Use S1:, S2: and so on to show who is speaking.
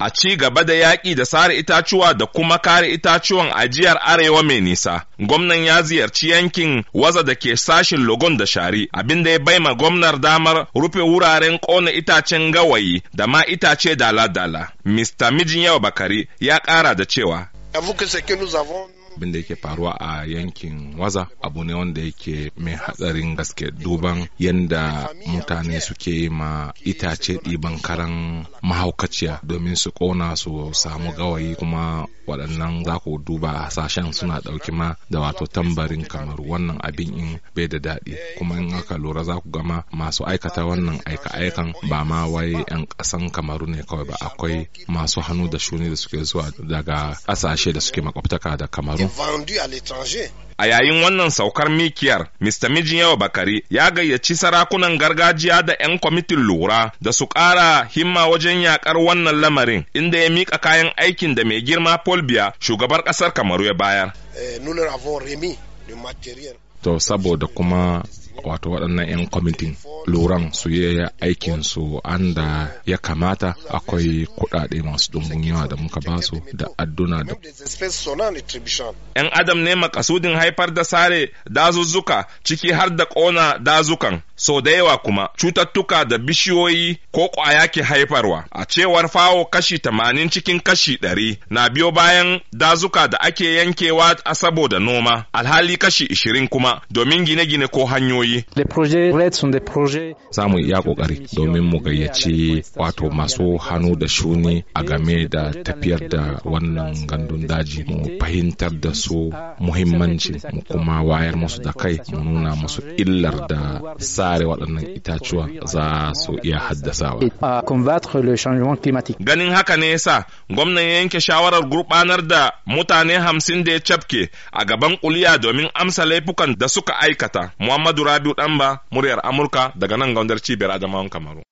S1: a ci gaba da yaƙi da sare itacuwa da kuma kare itacuwan ajiyar arewa mai nisa. Gwamnan ya ziyarci yankin waza da ke sashin Logon da Shari, abin da ya bai ma gwamnar damar rufe wuraren ƙona itacen gawayi da ma itace dala-dala. Mr. Mijin Yawa Bakari ya ƙara da cewa.
S2: abin da yake faruwa a yankin waza abu ne wanda yake mai hatsarin gaske duban yadda mutane suke yi ma itace ɗiban karan mahaukaciya domin su ƙona su samu gawayi kuma waɗannan za ku duba a sashen suna ɗauki ma da wato tambarin kamar wannan abin in bai da daɗi kuma in aka lura za ku gama masu aikata wannan aika-aikan ba ma wai 'yan ƙasan kamaru ne kawai ba akwai masu hannu da shuni da suke zuwa daga ƙasashe da suke makwabtaka da kamaru
S1: kogin. A yayin wannan saukar mikiyar, Mr. mijinyawa Bakari ya gayyaci sarakunan gargajiya da 'yan kwamitin lura da su ƙara himma wajen yaƙar wannan lamarin inda ya mika kayan aikin da mai girma Paul Biya shugabar ƙasar Kamaru ya bayar. Eh,
S2: to saboda kuma wato waɗannan 'yan kwamitin luran su yi aikin su an da ya kamata akwai kuɗaɗe masu dumbun yawa da muka ba su da adduna da
S1: yan adam ne makasudin haifar da sare dazuzzuka ciki har da ƙona dazukan so da yawa kuma cutattuka da bishiyoyi ko ƙwaya ke haifarwa a cewar fawo kashi tamanin cikin kashi ɗari na biyo bayan dazuka da ake yankewa a saboda noma alhali kashi ishirin kuma domin gine-gine ko hanyoyi. sun
S2: Za mu iya kokari domin mu gayyaci wato masu hannu da shuni a game da tafiyar da wannan gandun daji mu fahimtar da su muhimmanci mu kuma wayar musu da kai mu nuna musu illar da sare waɗannan itacuwa za su iya haddasawa.
S1: Ganin haka ne yasa gwamnan yanke shawarar gurɓanar da mutane hamsin da ya cafke a gaban kuliya domin amsa laifukan da suka aikata Muhammadu Rabiu Ɗanba muryar Amurka daga nan gandar cibiyar Adamawan Kamaru.